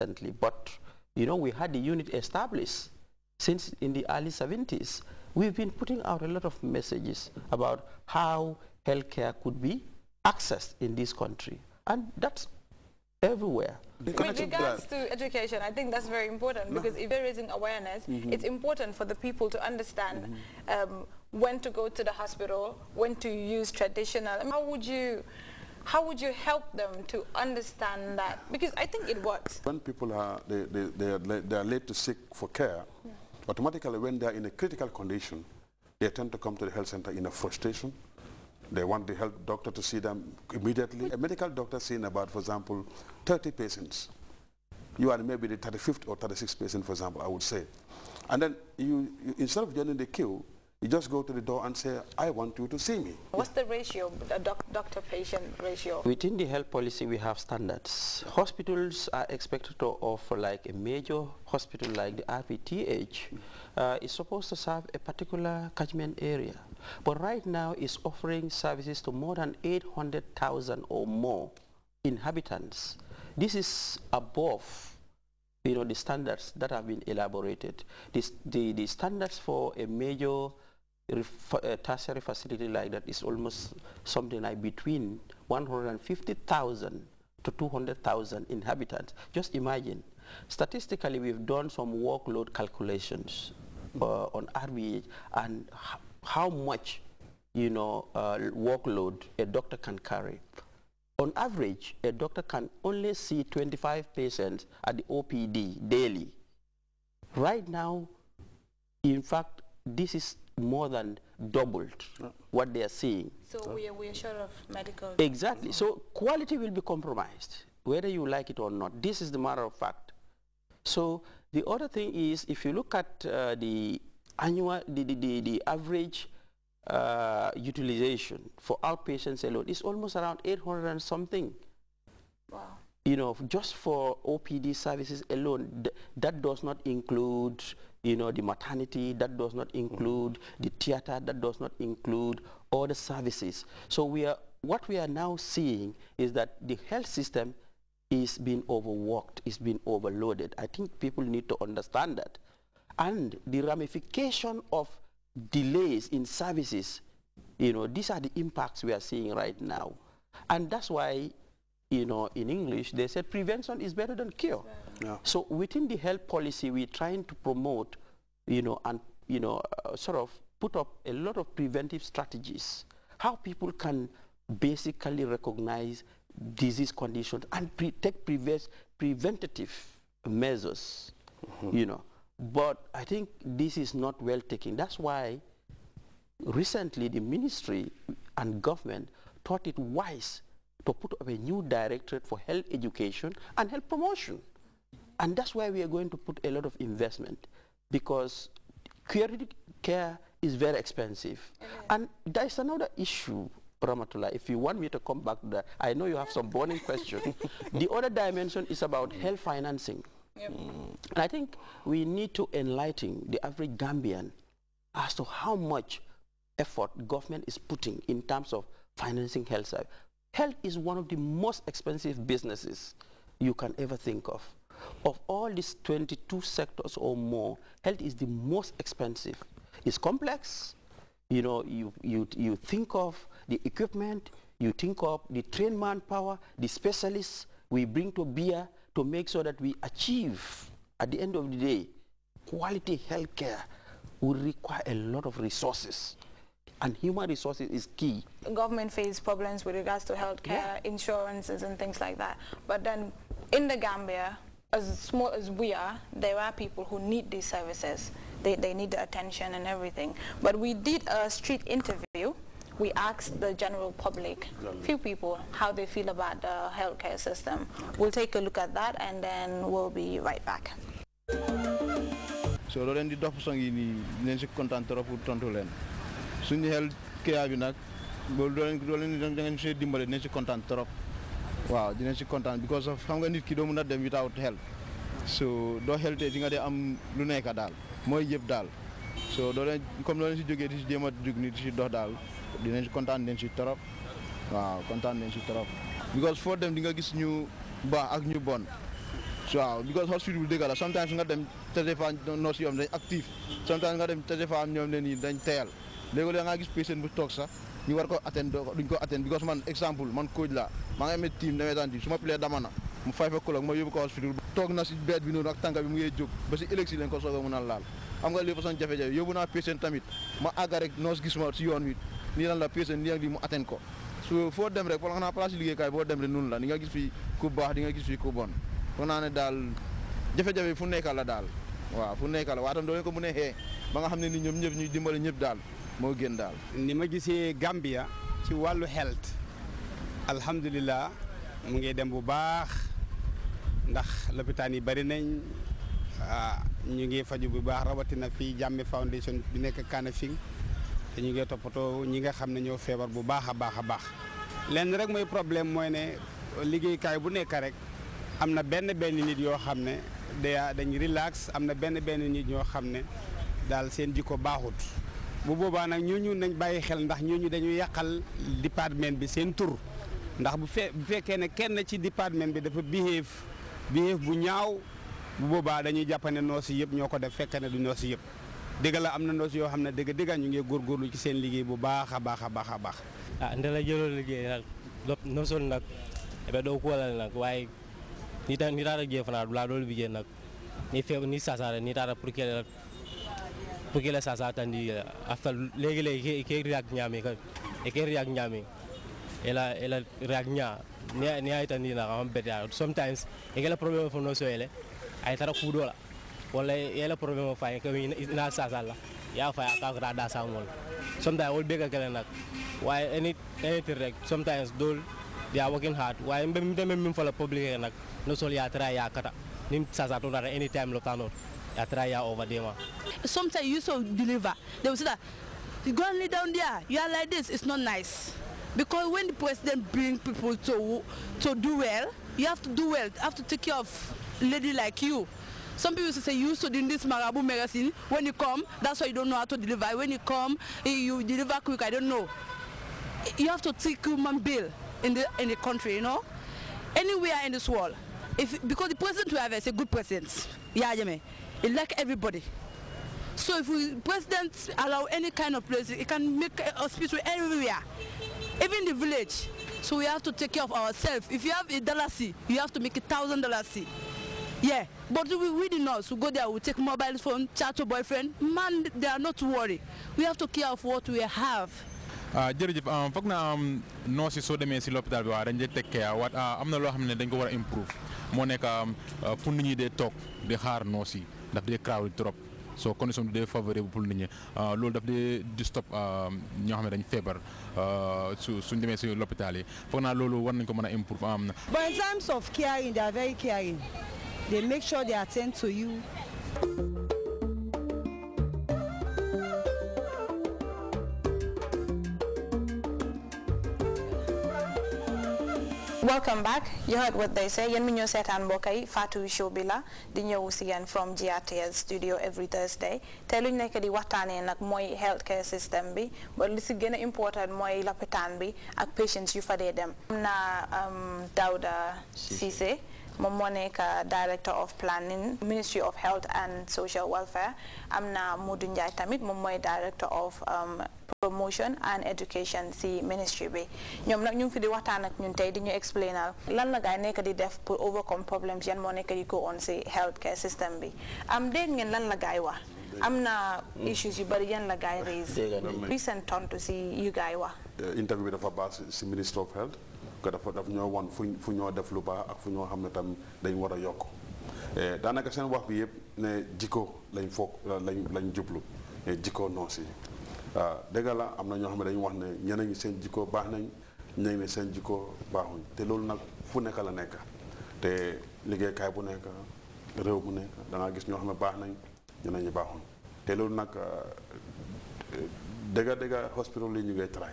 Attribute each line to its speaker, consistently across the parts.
Speaker 1: recently, but you know, we had the unit established since in the early 70s. We've been putting out a lot of messages about how healthcare could be accessed in this country, and that's everywhere. With regards
Speaker 2: to education, I think that's very important because if you're raising awareness, mm -hmm. it's important for the people to understand mm -hmm. um, when to go to the hospital, when to use traditional. How would you how would you help them to understand that? Because I think it works.
Speaker 3: When people are, they, they, they, are, late they are to seek for care, yeah. automatically when they are in a critical condition, they tend to come to the health center in a frustration. They want the health doctor to see them immediately. A medical doctor seeing about, for example, 30 patients. You are maybe the 35th or 36th patient, for example, I would say. And then you, you instead of joining the queue, you just go to the door and say, I want you to see me. What's
Speaker 2: the ratio, the doc doctor-patient ratio?
Speaker 1: Within the health policy, we have standards. Hospitals are expected to offer like a major hospital like the RPTH uh, is supposed to serve a particular catchment area. But right now, it's offering services to more than 800,000 or more inhabitants. This is above you know, the standards that have been elaborated. This, the, the standards for a major uh, tertiary facility like that is almost something like between 150,000 to 200,000 inhabitants. Just imagine. Statistically, we've done some workload calculations uh, on RBH and how much, you know, uh, workload a doctor can carry. On average, a doctor can only see 25 patients at the OPD daily. Right now, in fact, this is more than doubled yeah. what they are seeing. So yeah. we,
Speaker 2: are, we are short of medical. Exactly. Mm-hmm.
Speaker 1: So quality will be compromised, whether you like it or not. This is the matter of fact. So the other thing is, if you look at uh, the annual, the, the, the, the average uh, utilization for outpatients alone, it's almost around 800 and something you know, just for OPD services alone, th that does not include, you know, the maternity, that does not include mm -hmm. the theater, that does not include all the services. So we are, what we are now seeing is that the health system is being overworked, is being overloaded. I think people need to understand that. And the ramification of delays in services, you know, these are the impacts we are seeing right now. And that's why you know, in English, they said prevention is better than cure. Yeah. So within the health policy, we're trying to promote, you know, and, you know, uh, sort of put up a lot of preventive strategies, how people can basically recognize disease conditions and pre take preventive preventative measures, mm -hmm. you know. But I think this is not well taken. That's why recently the ministry and government thought it wise to put up a new directorate for health education and health promotion. And that's why we are going to put a lot of investment because curative care is very expensive. And there is another issue, Ramatullah, if you want me to come back to that, I know you have some burning questions. the other dimension is about mm. health financing. Yep. Mm. And I think we need to enlighten the average Gambian as to how much effort government is putting in terms of financing health service. Health is one of the most expensive businesses you can ever think of. Of all these 22 sectors or more, health is the most expensive. It's complex. You know, you, you, you think of the equipment, you think of the trained manpower, the specialists we bring to bear to make sure that we achieve, at the end of the day, quality health care will require a lot of resources and human resources is key.
Speaker 2: Government faces problems with regards to healthcare, yeah. insurances and things like that. But then in the Gambia, as small as we are, there are people who need these services. They, they need the attention and everything. But we did a street interview. We asked the general public, few people, how they feel about the healthcare system. We'll take a look at that and then we'll be right back.
Speaker 4: So, Loren, the doctor is going to be suñu xel Kia bi nag loolu doo leen doo leen da ngeen dimbale dinañ si kontaan trop waaw dinañ si kontaan because of xam nga nit ki doo mun a dem without help so doo xel te di nga dee am lu nekk daal mooy yëpp daal so doo comme doo si jógee di si jéem a ni di si dox daal dinañ si kontaan dinañ si trop waaw kontaan dinañ si trop because foo dem di nga gis ñu baax ak ñu bon waaw because hospital bi dëgg la sometimes nga dem te des fois noos yi am dañ actif nga dem te des fois ñoom dañ teyal légui la nga gis patient bu tok sax ñu war ko do duñ ko atteindre because man example, man coach la ma nga met team damay tan di suma player damana mu fay fa kolok ma yobbu ko hospital tok na ci bed bi non ak tanka bi mu ngi jog ba ci election lañ ko soga mu na laal am nga li façon jafé jafé yobbu na patient tamit ma aga rek nos gis ma ci yoon wi ni lan la patient ni ak li mu atteindre ko so fo dem rek wala na place liggéey kay bo dem rek nun la ni nga gis fi ku baax di nga fi ku bon na ne dal jafé jafé fu nekkal la dal waaw fu nekkal tam do ko mu ne he ba nga xamne ni ñom ñep ñuy dimbali ñep dal moo gën daal. ni ma gisee Gambia ci wàllu health alhamdulillah mu ngi dem bu baax ndax lopitaan yi bari nañ ah, ñu ngi faju bu baax rawatina fii Jammeh Foundation bi nekk Kanifing te ñu ngi toppatoo ñi nga xam ne ñoo feebar bu baax a baax a baax lenn rek mooy problème mooy ne liggéeykaay bu nekk rek am na benn benn nit yoo xam ne day dañuy relax am na benn benn nit ñoo xam ne daal seen jikko baaxut. bu boobaa nag ñooñu nañ bàyyi xel ndax ñooñu dañuy yàqal département bi seen tur ndax bu fe bu fekkee ne kenn ci département bi dafa biheef biheef bu ñaaw bu boobaa dañuy jàpp ne noos yëpp ñoo ko def fekk ne du noos yëpp dëgg am na noos yoo xam ne dëgg dëgg ñu góor góorlu ci seen liggéey bu baax a baax a baax a baax.
Speaker 1: ah ndela jëloon liggéey nag lop noosol nag ebe doo kuwalal nag waaye ni taara jee fanaa du laa doolu liggéey nag ni feeb ni sasaare nii taara pour kele pukila sasa tandi euh, after legi legi ke riak nyami ka ke riak nyami ela ela riak nya ni ni ay tandi na am beta sometimes egala problem fo no so ele ay tara ku dola wala ela problem fa ka na la ya fa ka ka da sa mol sometimes wol bega kala nak why any any rek sometimes dol they are working hard why mbem dem mbem fa la public nak no sol ya tara ya kata nim sasa to na anytime lo tanot a over there.
Speaker 2: Sometimes you so deliver. They will say that going down there, you are like this, it's not nice. Because when the president bring people to to do well, you have to do well, you have to take care of lady like you. Some people say you used to do this marabu magazine. When you come, that's why you don't know how to deliver. When you come, eh, you deliver quick. I don't know. You have to take human bill in the in the country, you know. Anywhere in this world, if because the president we have is eh, a good president. Yeah, yeah, elect everybody. So if we, president allow any kind of place, it can make a hospital everywhere, even the village. So we have to take care of ourselves. If you have a dollar C, you have to make a thousand dollar C. Yeah, but we, we the nurse, we go there, we take mobile phone, chat to boyfriend. Man, they are not to worry. We have to care of what we have.
Speaker 3: Ah, jërëjëf ah, foog na um, nurse yi soo demee si l'hôpital bi waa dañ dee teg care wat ah, am na loo xam ne dañ ko war a improve moo nekk um, fu nit ñi dee toog di xaar nurse yi daf dee crowd trop so condition bi dee favorable pour nit ñi ah, loolu daf dee di stop ah, ñoo xam ne dañ feebar ah, su suñ demee si l'hôpital yi foog naa loolu war nañ ko mën improve am
Speaker 1: but in terms of caring they are very caring they make sure
Speaker 2: they attend to you. welcome back you heard what they say yéen mi ñoo seetaan mbokk yi Fatou show bi la di ñëw si yéen from GRTS studio every Thursday te lu ñu nekk di waxtaanee nag mooy healthcare system bi ba li si gën a important mooy lapitaan bi ak patients yu fa dee dem am na um, Dawda Cissé moom director of planning ministry of health and social welfare am na Modou Ndiaye tamit moom mooy director of um, promotion and education si ministry bi ñoom nag ñu ngi fi di waxtaan ak ñun di ñu explainal lan la gaay nekk di def pour overcome problems yan moo nekk di ko on si health system bi am dégg ngeen lan la gaay wax am na hmm. issues yu bari yan la gaay raise recent tontu si yu gaay wax
Speaker 3: eh, interview with dafa baax si ministry of health que dafa daf ñoo won fu fu ñoo def lu baax ak fu ñoo xam ne tam dañu war a yokk eh, daanaka seen wax bi yëpp ne jikko lañ foog lañ lañ jublu jikko noos yi waaw ah, la am na ñoo xam ne dañu wax ne ñeneen ñi seen jikko baax nañ ñeneen seen jikko baaxuñ te loolu nag fu nekk la nekk te liggéeykaay bu nekk réew bu nekk da gis ñoo xam ne baax nañ ñeneen ñi baaxuñ te loolu nag ah, dëgg dëgg hospital yi ñu ngay try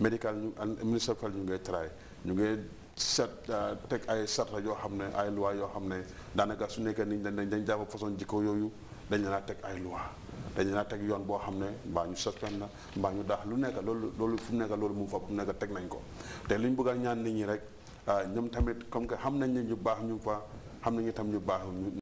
Speaker 3: médical ñu municipal ñu ngay try ñu ngi set euh, teg ay sarta yoo xam ne ay loi yoo xam ne daanaka su nekkee nit dañ dañ jàpp façon jikko yooyu dañ naa teg ay loi dañ naa teg yoon boo xam ne mbaa ñu suspend na mbaa ñu daax lu nekk loolu loolu fu mu nekk loolu mu fa fu mu teg nañ ko te li ñu bëgg a ñaan nit ñi rek euh, ñoom tamit comme que xam nañ ne ñu baax ñu fa xam nañu tam ñu baax